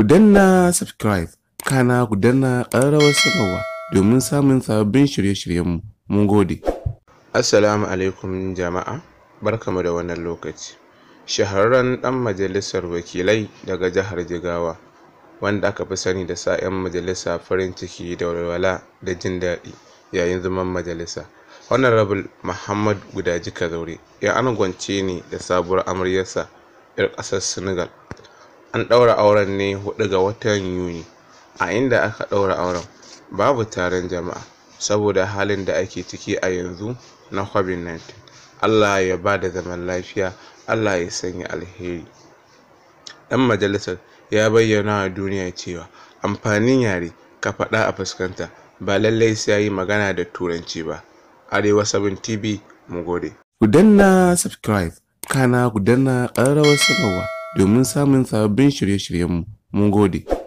ku danna subscribe kana ku danna ƙararrawar sanarwa domin samun sababbin shirye-shiryenmu mun gode assalamu alaikum jama'a barkamu da wannan lokaci shahararren ɗan majalisar wakilai daga jihar jigawa wanda aka fi sani da sa 'yan majalisa farin ciki da walwala da jin daɗi yayin zaman majalisa wannan mahammad guda jika zaure, ya angwance ne da sabuwar amaryarsa 'yar ƙasar senegal an ɗaura auren ne huɗu ga watan yuni a inda aka ɗaura auren babu taron jama'a saboda halin da ake ciki a yanzu na covid-19 allah ya ba da zaman lafiya allah ya sanya alheri ɗan majalisar ya bayyana wa duniya cewa amfanin yare ka faɗa a fuskanta ba lallai sai yi magana da turanci ba arewa sabon tv mu gode ku danna subscribe kana ku danna ƙararrawar sanarwa domin samun sababbin shirye-shiryenmu. Mun gode.